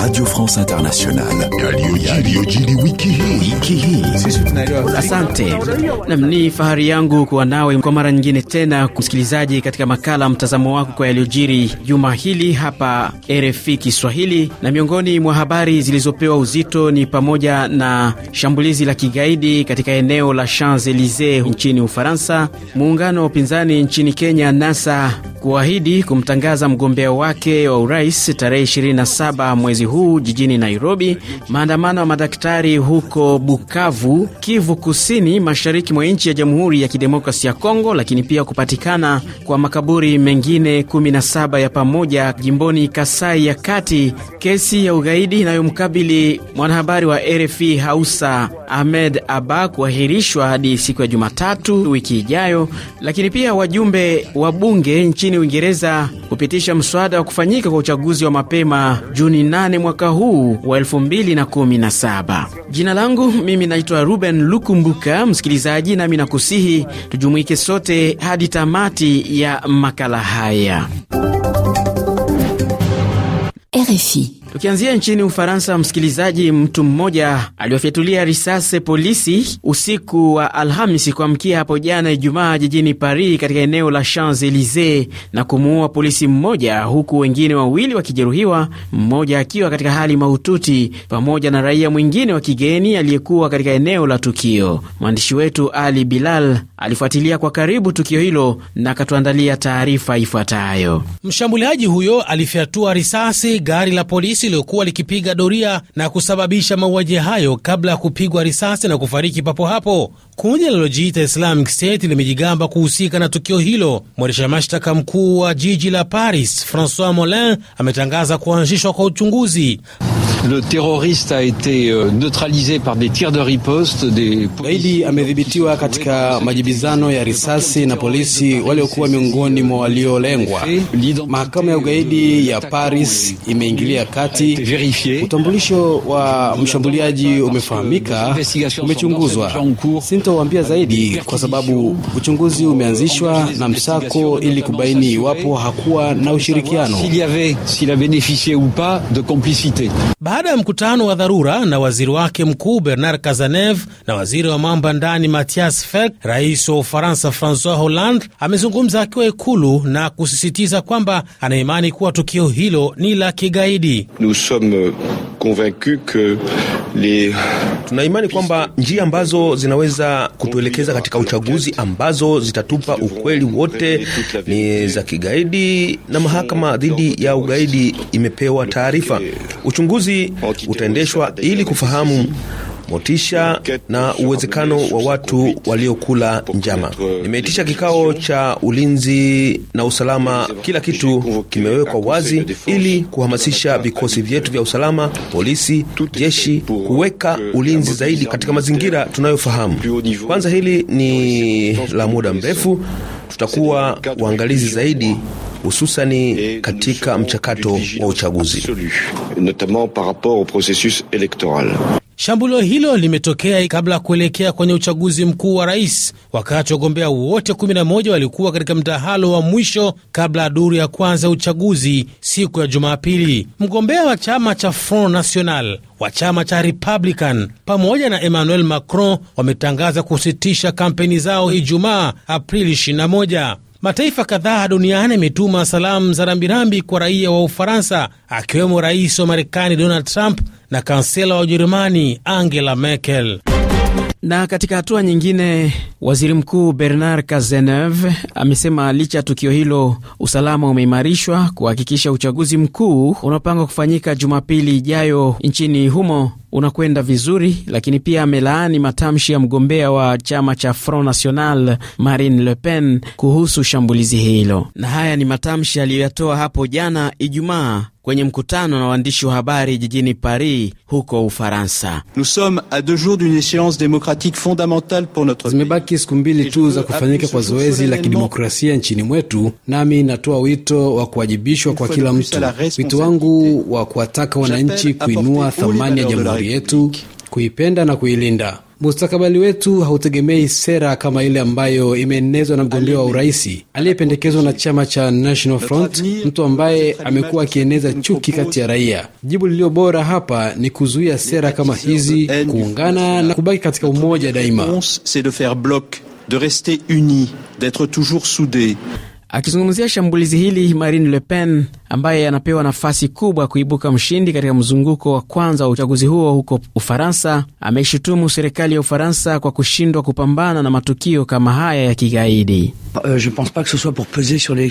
Radio France Internationale. wiki hii. Asante. Nam, ni fahari yangu kuwa nawe kwa mara nyingine tena, msikilizaji, katika makala mtazamo wako kwa yaliyojiri juma hili hapa RFI Kiswahili. Na miongoni mwa habari zilizopewa uzito ni pamoja na shambulizi la kigaidi katika eneo la Champs Elysees nchini Ufaransa, muungano wa upinzani nchini Kenya NASA kuahidi kumtangaza mgombea wake wa urais tarehe 27 mwezi huu jijini Nairobi. Maandamano ya madaktari huko Bukavu, Kivu Kusini, mashariki mwa nchi ya Jamhuri ya Kidemokrasi ya Kongo, lakini pia kupatikana kwa makaburi mengine 17 ya pamoja jimboni Kasai ya Kati. Kesi ya ugaidi inayomkabili mwanahabari wa RFI Hausa Ahmed Abba kuahirishwa hadi siku ya Jumatatu wiki ijayo, lakini pia wajumbe wa bunge nchini nchini Uingereza kupitisha mswada wa kufanyika kwa uchaguzi wa mapema Juni 8 mwaka huu wa 2017. Jina langu mimi naitwa Ruben Lukumbuka. Msikilizaji, nami nakusihi tujumuike sote hadi tamati ya makala haya. RFI Tukianzia nchini Ufaransa, msikilizaji, mtu mmoja aliwafyatulia risasi polisi usiku wa Alhamisi kuamkia hapo jana Ijumaa jijini Paris, katika eneo la Champs Elysees na kumuua polisi mmoja, huku wengine wawili wakijeruhiwa, mmoja akiwa katika hali mahututi, pamoja na raia mwingine wa kigeni aliyekuwa katika eneo la tukio. Mwandishi wetu Ali Bilal alifuatilia kwa karibu tukio hilo na akatuandalia taarifa ifuatayo. Mshambuliaji huyo alifyatua risasi gari la polisi polisi likipiga doria na kusababisha mauaji hayo kabla ya kupigwa risasi na kufariki papo hapo. Kundi linalojiita Islamic State limejigamba kuhusika na tukio hilo. Mwendesha mashtaka mkuu wa jiji la Paris Francois Molin ametangaza kuanzishwa kwa uchunguzi. Le terroriste a été euh, neutralisé par des tirs de riposte des Baidi amedhibitiwa katika majibizano ya risasi na polisi waliokuwa miongoni mwa waliolengwa. Mahakama ya ugaidi ya Paris imeingilia kati. Utambulisho wa mshambuliaji umefahamika, umechunguzwa. Sintowaambia zaidi kwa sababu uchunguzi umeanzishwa na msako ili kubaini iwapo hakuwa na ushirikiano. Baada ya mkutano wa dharura na waziri wake mkuu Bernard Cazeneuve na waziri wa mambo ya ndani Mathias Fek, rais wa Ufaransa Francois Hollande amezungumza akiwa Ikulu na kusisitiza kwamba anaimani kuwa tukio hilo ni la kigaidi. Tunaimani kwamba njia ambazo zinaweza kutuelekeza katika uchaguzi ambazo zitatupa ukweli wote ni za kigaidi, na mahakama dhidi ya ugaidi imepewa taarifa uchunguzi utaendeshwa ili kufahamu motisha na uwezekano wa watu waliokula njama. Nimeitisha kikao cha ulinzi na usalama, kila kitu kimewekwa wazi ili kuhamasisha vikosi vyetu vya usalama, polisi, jeshi, kuweka ulinzi zaidi katika mazingira tunayofahamu. Kwanza hili ni la muda mrefu, tutakuwa waangalizi zaidi hususani katika mchakato wa uchaguzi. Shambulio hilo limetokea kabla ya kuelekea kwenye uchaguzi mkuu wa rais, wakati wagombea wote 11 walikuwa katika mdahalo wa mwisho kabla ya duru ya kwanza ya uchaguzi siku ya Jumapili. Mgombea wa chama cha Front National wa chama cha Republican pamoja na Emmanuel Macron wametangaza kusitisha kampeni zao Ijumaa Aprili 21. Mataifa kadhaa duniani yametuma salamu za rambirambi kwa raia wa Ufaransa, akiwemo rais wa Marekani Donald Trump na kansela wa Ujerumani Angela Merkel. Na katika hatua nyingine, waziri mkuu Bernard Cazeneuve amesema licha ya tukio hilo, usalama umeimarishwa kuhakikisha uchaguzi mkuu unaopangwa kufanyika Jumapili ijayo nchini humo unakwenda vizuri, lakini pia amelaani matamshi ya mgombea wa chama cha Front National Marine Le Pen kuhusu shambulizi hilo. Na haya ni matamshi aliyoyatoa hapo jana Ijumaa kwenye mkutano na waandishi wa habari jijini Paris huko Ufaransa. Zimebaki siku mbili tu za kufanyika kwa zoezi la kidemokrasia nchini mwetu, nami natoa wito wa kuwajibishwa kwa kila mtu. Wito wangu wa kuwataka wananchi kuinua thamani ya jamhuri yetu, kuipenda na kuilinda. Mustakabali wetu hautegemei sera kama ile ambayo imeenezwa na mgombea wa uraisi aliyependekezwa na chama cha National Front, mtu ambaye amekuwa akieneza chuki kati ya raia. Jibu lililo bora hapa ni kuzuia sera kama hizi, kuungana na kubaki katika umoja daima. Akizungumzia shambulizi hili, Marine Le Pen ambaye anapewa nafasi kubwa kuibuka mshindi katika mzunguko wa kwanza wa uchaguzi huo huko Ufaransa, ameishutumu serikali ya Ufaransa kwa kushindwa kupambana na matukio kama haya ya kigaidi. Euh,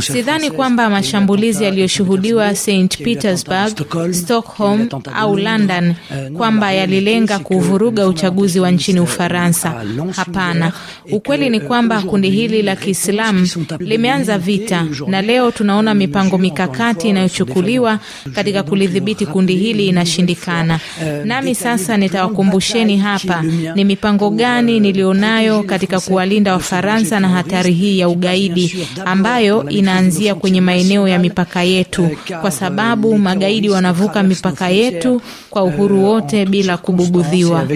Sidhani kwamba mashambulizi yaliyoshuhudiwa St Petersburg, euh, Stockholm au London euh, kwamba yalilenga kuvuruga uchaguzi wa nchini Ufaransa. Hapana, ukweli ni kwamba kundi hili la Kiislamu lime Tumeanza vita na leo tunaona mipango mikakati inayochukuliwa katika kulidhibiti kundi hili inashindikana. Euh, Nami sasa nitawakumbusheni hapa ni mipango gani euh, niliyonayo katika kuwalinda Wafaransa na hatari hii ya ugaidi ambayo inaanzia kwenye maeneo ya mipaka yetu, euh, kwa sababu magaidi wanavuka mipaka yetu kwa uhuru wote bila kubugudhiwa.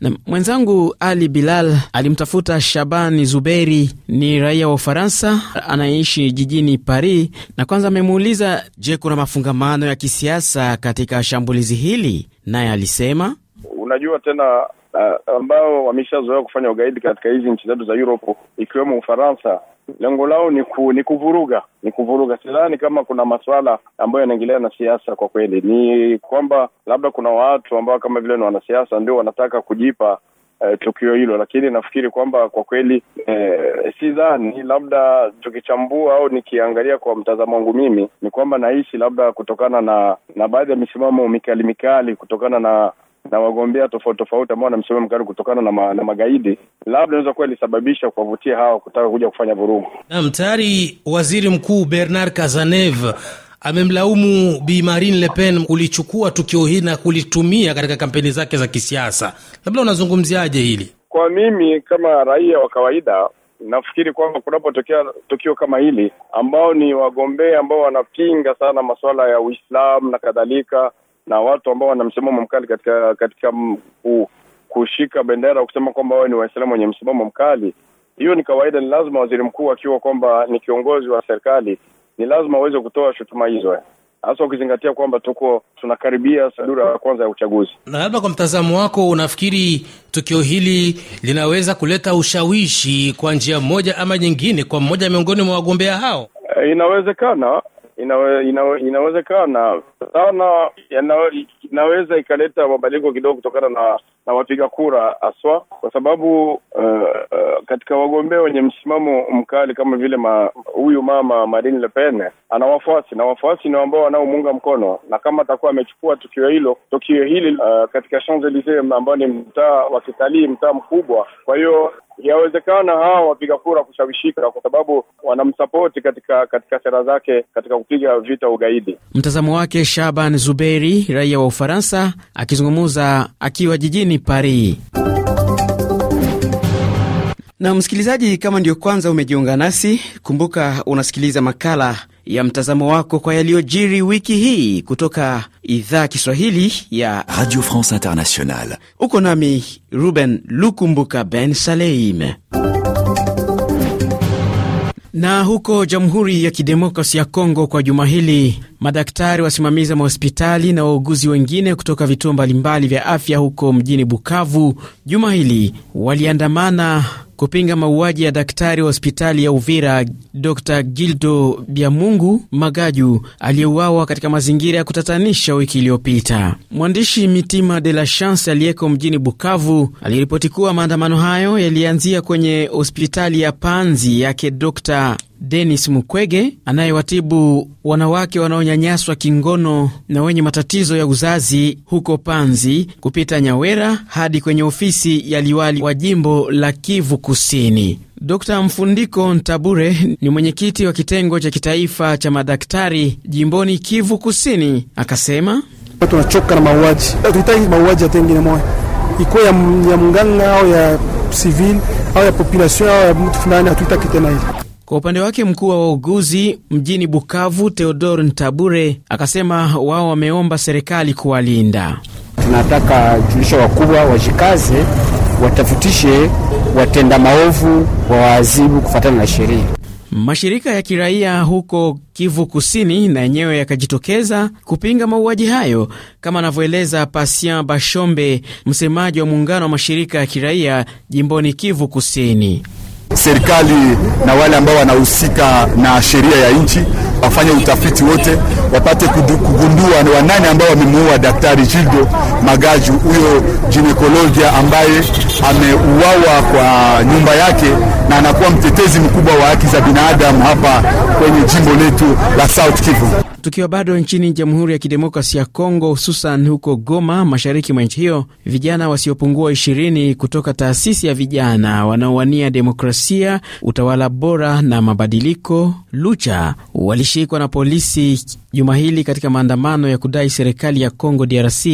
Na mwenzangu Ali Bilal alimtafuta Shabani Zuberi, ni raia wa Ufaransa anayeishi jijini Paris, na kwanza amemuuliza, je, kuna mafungamano ya kisiasa katika shambulizi hili? Naye alisema unajua tena uh, ambao wameshazoea kufanya ugaidi katika hizi nchi zetu za Europe ikiwemo Ufaransa lengo lao ni, ku, ni kuvuruga ni kuvuruga. Sidhani kama kuna masuala ambayo yanaendelea na siasa kwa kweli, ni kwamba labda kuna watu ambao kama vile ni wanasiasa ndio wanataka kujipa eh, tukio hilo, lakini nafikiri kwamba kwa kweli eh, sidhani, labda tukichambua au nikiangalia kwa mtazamo wangu mimi ni kwamba naishi labda kutokana na na baadhi ya misimamo mikali mikali kutokana na na wagombea tofauti tofauti ambao wanamsomea mkali kutokana na, ma, na magaidi, labda inaweza kuwa ilisababisha kuwavutia hawa kutaka kuja kufanya vurugu. Naam, tayari waziri mkuu Bernard Cazeneuve amemlaumu Bi Marine Le Pen kulichukua tukio hili na kulitumia katika kampeni zake za kisiasa. Labda unazungumziaje hili? Kwa mimi kama raia wa kawaida nafikiri kwamba kunapotokea tukio kama hili ambao ni wagombea ambao wanapinga sana masuala ya Uislamu na kadhalika, na watu ambao wana msimamo mkali katika katika mku, kushika bendera kusema kwamba wao ni Waislamu wenye msimamo mkali. Hiyo ni kawaida, ni lazima waziri mkuu akiwa kwamba ni kiongozi wa serikali ni lazima aweze kutoa shutuma hizo hasa ukizingatia kwamba tuko tunakaribia sadura ya kwanza ya uchaguzi. Na labda kwa mtazamo wako, unafikiri tukio hili linaweza kuleta ushawishi kwa njia moja ama nyingine kwa mmoja miongoni mwa wagombea hao? E, inawezekana inawe, inawe, inawezekana sana inawe, inaweza ikaleta mabadiliko kidogo kutokana na na wapiga kura haswa, kwa sababu uh, uh, katika wagombea wenye msimamo mkali kama vile huyu mama Marine Le Pen ana wafuasi na wafuasi ni ambao wanaomuunga mkono, na kama atakuwa amechukua tukio hilo tukio hili uh, katika Champs Elysees ambayo ni mtaa wa kitalii, mtaa mkubwa, kwa hiyo yawezekana hawa wapiga kura kushawishika, kwa sababu wanamsapoti katika katika sera zake katika kupiga vita ugaidi. Mtazamo wake Shaban Zuberi, raia wa Ufaransa, akizungumza akiwa jijini Paris. Na msikilizaji, kama ndio kwanza umejiunga nasi, kumbuka unasikiliza makala ya mtazamo wako kwa yaliyojiri wiki hii kutoka idhaa Kiswahili ya Radio France Internationale. Uko nami Ruben Lukumbuka Ben Saleim. Na huko Jamhuri ya Kidemokrasi ya Kongo, kwa juma hili madaktari wasimamizi wa mahospitali na wauguzi wengine kutoka vituo mbalimbali vya afya huko mjini Bukavu juma hili waliandamana kupinga mauaji ya daktari wa hospitali ya Uvira Dr Gildo Byamungu Magaju aliyeuawa katika mazingira ya kutatanisha wiki iliyopita. Mwandishi Mitima de la Chance aliyeko mjini Bukavu aliripoti kuwa maandamano hayo yalianzia kwenye hospitali ya Panzi yake Dr Denis Mukwege anayewatibu wanawake wanaonyanyaswa kingono na wenye matatizo ya uzazi huko Panzi kupita Nyawera hadi kwenye ofisi ya liwali wa jimbo la Kivu Kusini. d Mfundiko Ntabure ni mwenyekiti wa kitengo cha kitaifa cha madaktari jimboni Kivu Kusini, akasema tunachoka na mauaji, tuhitaji mauaji atengine moya ikuwa ya, ya munganga au ya sivili au ya populasion au ya mtu fulani, hatuitaki tena hili kwa upande wake mkuu wa wauguzi mjini Bukavu, Theodor Ntabure, akasema wao wameomba serikali kuwalinda. Tunataka julisha wakubwa wajikaze, watafutishe watenda maovu, wawaadhibu kufuatana na sheria. Mashirika ya kiraia huko Kivu Kusini na yenyewe yakajitokeza kupinga mauaji hayo, kama anavyoeleza Pasien Bashombe, msemaji wa muungano wa mashirika ya kiraia jimboni Kivu Kusini. Serikali na wale ambao wanahusika na sheria ya nchi wafanye utafiti wote, wapate kugundua ni wanani ambao wamemuua Daktari Gildo Magaju, huyo ginekologia ambaye ameuawa kwa nyumba yake na anakuwa mtetezi mkubwa wa haki za binadamu hapa kwenye jimbo letu la South Kivu. Tukiwa bado nchini Jamhuri ya kidemokrasi ya Kongo, hususan huko Goma, mashariki mwa nchi hiyo, vijana wasiopungua ishirini kutoka taasisi ya vijana wanaowania demokrasia, utawala bora na mabadiliko Lucha walishikwa na polisi juma hili katika maandamano ya kudai serikali ya Kongo DRC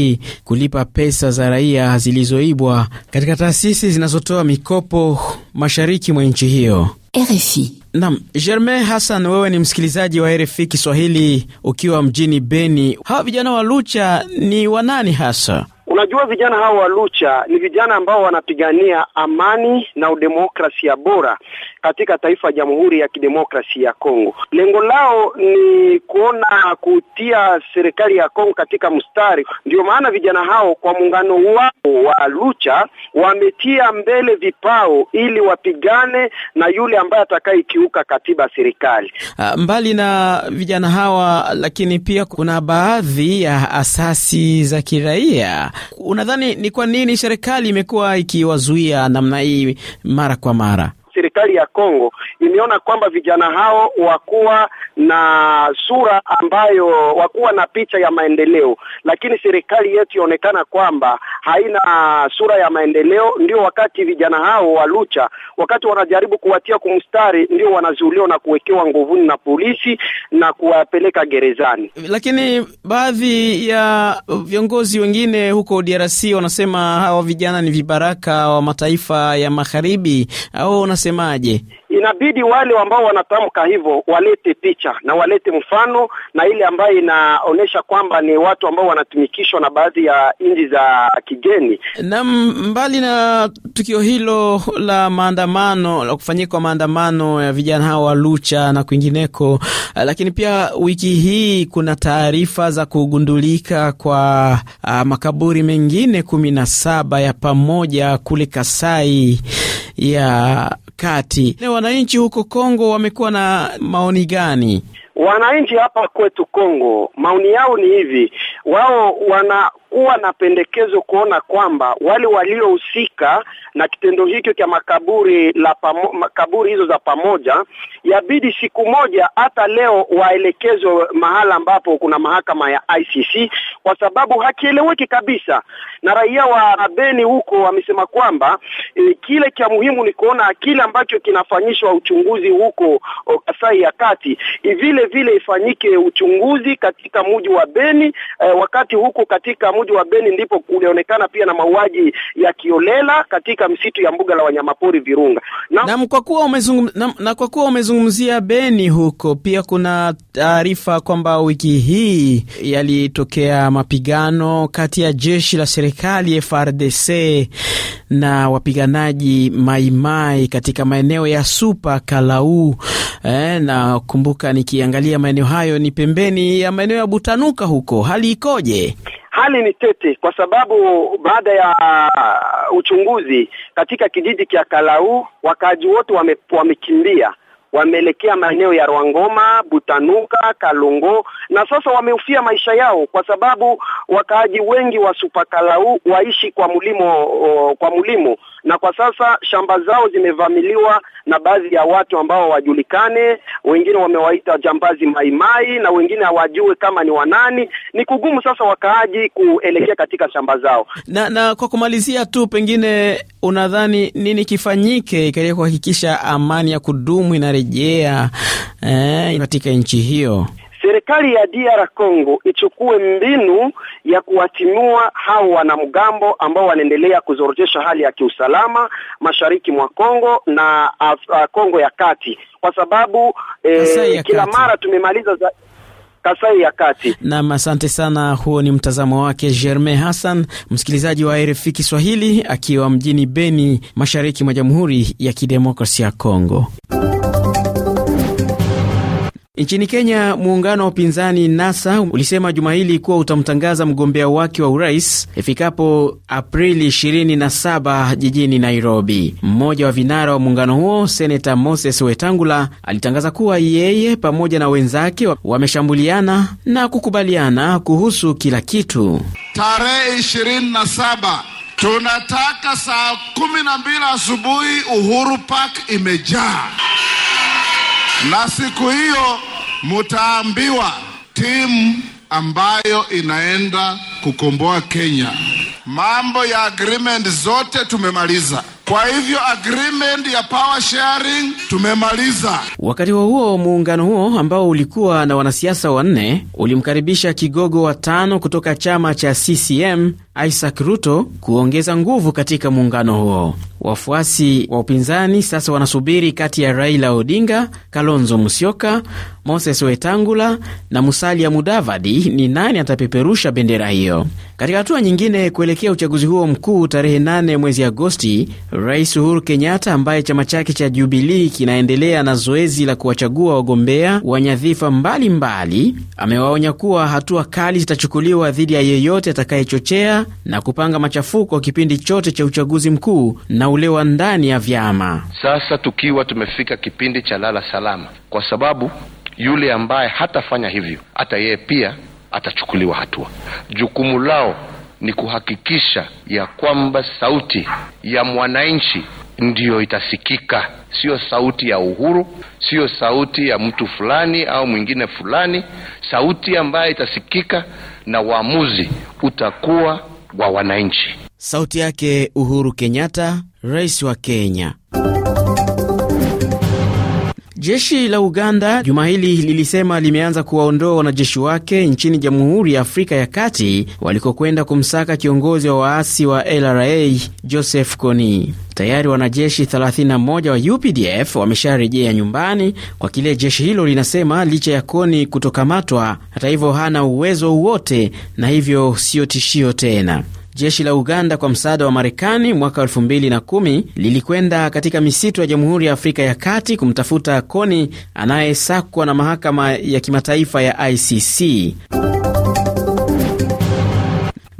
kulipa pesa za raia zilizoibwa katika taasisi zinazotoa mikopo mashariki mwa nchi hiyo. RFI Nam Germain Hassan, wewe ni msikilizaji wa RFI Kiswahili ukiwa mjini Beni. Hawa vijana wa Lucha ni wanani hasa? Unajua, vijana hao wa Lucha ni vijana ambao wanapigania amani na udemokrasia bora katika taifa ya Jamhuri ya Kidemokrasia ya Kongo. Lengo lao ni kuona kutia serikali ya Kongo katika mstari. Ndio maana vijana hao kwa muungano wao wa Lucha wametia mbele vipao ili wapigane na yule ambaye atakayekiuka katiba serikali. Ah, mbali na vijana hawa, lakini pia kuna baadhi ya asasi za kiraia Unadhani ni kwa nini serikali imekuwa ikiwazuia namna hii mara kwa mara? Serikali ya Kongo imeona kwamba vijana hao wakuwa na sura ambayo wakuwa na picha ya maendeleo, lakini serikali yetu yaonekana kwamba haina sura ya maendeleo, ndio wakati vijana hao wa Lucha wakati wanajaribu kuwatia kumstari, ndio wanazuiliwa na kuwekewa nguvuni na polisi na kuwapeleka gerezani. Lakini baadhi ya viongozi wengine huko DRC wanasema hawa vijana ni vibaraka wa mataifa ya magharibi, au unasemaje? inabidi wale ambao wanatamka hivyo walete picha na walete mfano na ile ambayo inaonyesha kwamba ni watu ambao wanatumikishwa na baadhi ya nchi za kigeni. Na mbali na tukio hilo la maandamano la kufanyika kwa maandamano ya vijana hao wa Lucha na kwingineko, eh, lakini pia wiki hii kuna taarifa za kugundulika kwa a, ah, makaburi mengine kumi na saba ya pamoja kule Kasai ya kati. Na wananchi huko Kongo wamekuwa na maoni gani? Wananchi hapa kwetu Kongo, maoni yao ni hivi, wao wana huwa na pendekezo kuona kwamba wale waliohusika na kitendo hicho cha makaburi la pamo, makaburi hizo za pamoja yabidi siku moja hata leo waelekezwe mahala ambapo kuna mahakama ya ICC kwa sababu hakieleweki kabisa. Na raia wa Beni huko wamesema kwamba e, kile cha muhimu ni kuona kile ambacho kinafanyishwa uchunguzi huko Kasai ya Kati e, vile vile ifanyike uchunguzi katika mji wa Beni e, wakati huko katika mji wa Beni ndipo kulionekana pia na mauaji ya kiolela katika msitu ya mbuga la wanyamapori Virunga na, na, kwa kuwa umezungum, na, na kwa kuwa umezungumzia Beni huko pia kuna taarifa kwamba wiki hii yalitokea mapigano kati ya jeshi la serikali FRDC na wapiganaji maimai katika maeneo ya Supa Kalau. Eh, na kumbuka nikiangalia maeneo hayo ni pembeni ya maeneo ya Butanuka huko, hali ikoje? Hali ni tete kwa sababu baada ya uchunguzi katika kijiji cha Kalau, wakaaji wote wame, wamekimbia wameelekea maeneo ya Rwangoma, Butanuka, kalungo na sasa wameufia maisha yao kwa sababu wakaaji wengi wa Supakalau waishi kwa mlimo kwa mlimo na kwa sasa shamba zao zimevamiliwa na baadhi ya watu ambao hawajulikane. Wengine wamewaita jambazi maimai na wengine hawajue kama ni wanani. Ni kugumu sasa wakaaji kuelekea katika shamba zao. Na, na kwa kumalizia tu, pengine unadhani nini kifanyike katika kuhakikisha amani ya kudumu inarejea eh, katika nchi hiyo? serikali ya DR Congo ichukue mbinu ya kuwatimua hao wanamgambo ambao wanaendelea kuzorotesha hali ya kiusalama mashariki mwa Kongo na Kongo uh, ya Kati, kwa sababu eh, kila mara tumemaliza za Kasai ya Kati. Naam, asante sana. Huo ni mtazamo wake Germain Hassan, msikilizaji wa RFI Kiswahili akiwa mjini Beni, mashariki mwa Jamhuri ya Kidemokrasia ya Kongo. Nchini Kenya, muungano wa upinzani NASA ulisema juma hili kuwa utamtangaza mgombea wake wa urais ifikapo Aprili 27 jijini Nairobi. Mmoja wa vinara wa muungano huo, Seneta Moses Wetangula, alitangaza kuwa yeye pamoja na wenzake wameshambuliana na kukubaliana kuhusu kila kitu. Tarehe 27 tunataka saa 12 asubuhi, Uhuru Park imejaa na siku hiyo mutaambiwa timu ambayo inaenda kukomboa Kenya. Mambo ya agreement zote tumemaliza. Kwa hivyo agreement ya power sharing tumemaliza. Wakati wa huo muungano huo ambao ulikuwa na wanasiasa wanne ulimkaribisha kigogo wa tano kutoka chama cha CCM Isaac Ruto kuongeza nguvu katika muungano huo. Wafuasi wa upinzani sasa wanasubiri kati ya Raila Odinga, Kalonzo Musyoka, Moses Wetangula na Musalia Mudavadi ni nani atapeperusha bendera hiyo. Katika hatua nyingine, kuelekea uchaguzi huo mkuu tarehe 8 mwezi Agosti, Rais Uhuru Kenyatta ambaye chama chake cha Jubilii kinaendelea na zoezi la kuwachagua wagombea wa nyadhifa mbalimbali, amewaonya kuwa hatua kali zitachukuliwa dhidi ya yeyote atakayechochea na kupanga machafuko kipindi chote cha uchaguzi mkuu na ule wa ndani ya vyama. Sasa tukiwa tumefika kipindi cha lala salama, kwa sababu yule ambaye hatafanya hivyo, hata yeye pia atachukuliwa hatua. Jukumu lao ni kuhakikisha ya kwamba sauti ya mwananchi ndiyo itasikika, siyo sauti ya Uhuru, siyo sauti ya mtu fulani au mwingine fulani, sauti ambayo itasikika na uamuzi utakuwa wa wananchi. Sauti yake Uhuru Kenyatta, rais wa Kenya. Jeshi la Uganda juma hili lilisema limeanza kuwaondoa wanajeshi wake nchini Jamhuri ya Afrika ya Kati walikokwenda kumsaka kiongozi wa waasi wa LRA Joseph Kony. Tayari wanajeshi 31 wa UPDF wamesharejea nyumbani kwa kile jeshi hilo linasema licha ya Kony kutokamatwa, hata hivyo hana uwezo wowote na hivyo siyo tishio tena. Jeshi la Uganda kwa msaada wa Marekani mwaka 2010 lilikwenda katika misitu ya Jamhuri ya Afrika ya Kati kumtafuta Koni anayesakwa na mahakama ya kimataifa ya ICC.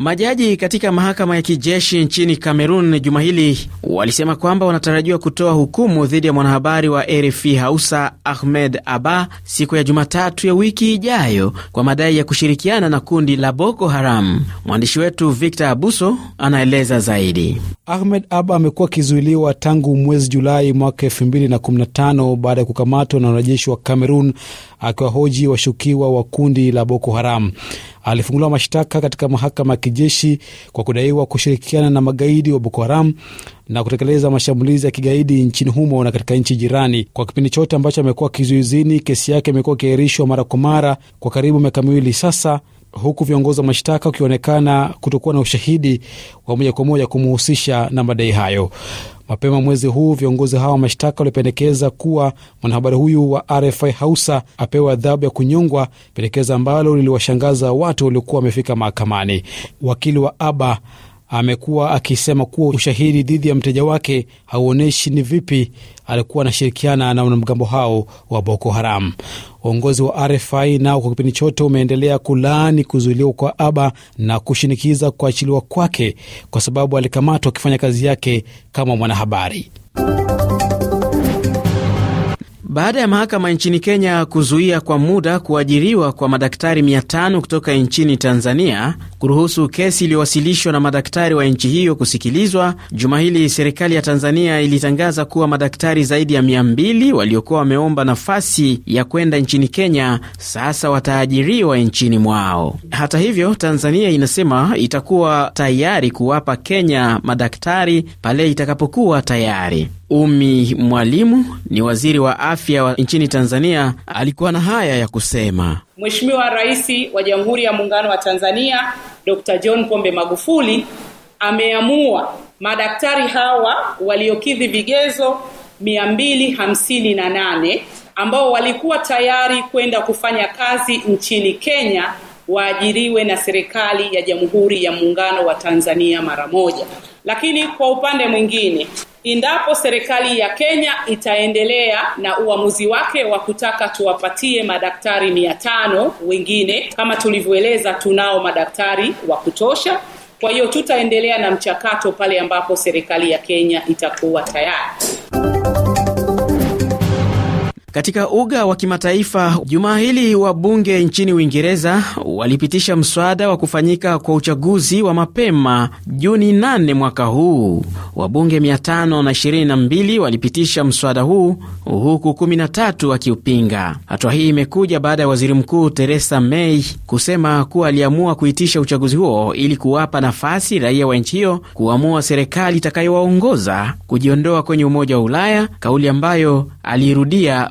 Majaji katika mahakama ya kijeshi nchini Kamerun juma hili walisema kwamba wanatarajiwa kutoa hukumu dhidi ya mwanahabari wa RFI Hausa Ahmed Abba siku ya Jumatatu ya wiki ijayo kwa madai ya kushirikiana na kundi la Boko Haram. Mwandishi wetu Victor Abuso anaeleza zaidi. Ahmed Abba amekuwa akizuiliwa tangu mwezi Julai mwaka 2015 baada ya kukamatwa na wanajeshi wa Kamerun akiwahoji washukiwa wa kundi la Boko Haram alifunguliwa mashtaka katika mahakama ya kijeshi kwa kudaiwa kushirikiana na magaidi wa Boko Haram na kutekeleza mashambulizi ya kigaidi nchini humo na katika nchi jirani. Kwa kipindi chote ambacho amekuwa kizuizini, kesi yake imekuwa ikiahirishwa mara kwa mara kwa karibu miaka miwili sasa huku viongozi wa mashtaka wakionekana kutokuwa na ushahidi wa moja kwa moja kumuhusisha na madai hayo. Mapema mwezi huu viongozi hawa wa mashtaka walipendekeza kuwa mwanahabari huyu wa RFI Hausa apewe adhabu ya kunyongwa, pendekezo ambalo liliwashangaza watu waliokuwa wamefika mahakamani. Wakili wa Aba amekuwa akisema kuwa ushahidi dhidi ya mteja wake hauonyeshi ni vipi alikuwa anashirikiana na wanamgambo hao wa Boko Haram. Uongozi wa RFI nao kwa kipindi chote umeendelea kulaani kuzuiliwa kwa Aba na kushinikiza kuachiliwa kwake, kwa sababu alikamatwa akifanya kazi yake kama mwanahabari. Baada ya mahakama nchini Kenya kuzuia kwa muda kuajiriwa kwa madaktari 500 kutoka nchini Tanzania kuruhusu kesi iliyowasilishwa na madaktari wa nchi hiyo kusikilizwa, juma hili serikali ya Tanzania ilitangaza kuwa madaktari zaidi ya 200 waliokuwa wameomba nafasi ya kwenda nchini Kenya sasa wataajiriwa nchini mwao. Hata hivyo, Tanzania inasema itakuwa tayari kuwapa Kenya madaktari pale itakapokuwa tayari. Umi Mwalimu ni waziri wa afya wa nchini Tanzania, alikuwa na haya ya kusema. Mheshimiwa Rais wa Jamhuri ya Muungano wa Tanzania Dr. John Pombe Magufuli ameamua madaktari hawa waliokidhi vigezo 258 ambao walikuwa tayari kwenda kufanya kazi nchini Kenya waajiriwe na serikali ya Jamhuri ya Muungano wa Tanzania mara moja. Lakini kwa upande mwingine, endapo serikali ya Kenya itaendelea na uamuzi wake wa kutaka tuwapatie madaktari mia tano wengine kama tulivyoeleza tunao madaktari wa kutosha kwa hiyo tutaendelea na mchakato pale ambapo serikali ya Kenya itakuwa tayari katika uga wa kimataifa, jumaa hili wabunge nchini Uingereza walipitisha mswada wa kufanyika kwa uchaguzi wa mapema Juni 8 mwaka huu. Wabunge 522 walipitisha mswada huu huku 13 wakiupinga. Hatua hii imekuja baada ya waziri mkuu Theresa May kusema kuwa aliamua kuitisha uchaguzi huo ili kuwapa nafasi raia wa nchi hiyo kuamua serikali itakayowaongoza kujiondoa kwenye Umoja wa Ulaya, kauli ambayo aliirudia